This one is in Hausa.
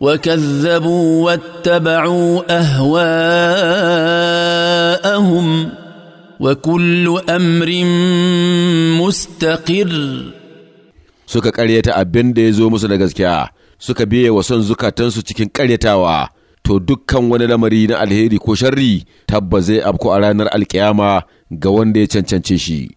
وكذبوا واتبعوا اهواءهم وكل امر مستقر suka ƙaryata abin da ya zo musu da gaskiya suka biye wa son zukatansu cikin ƙaryatawa to dukkan wani lamari na alheri ko sharri tabbas zai afko a ranar alkiyama ga wanda ya cancance shi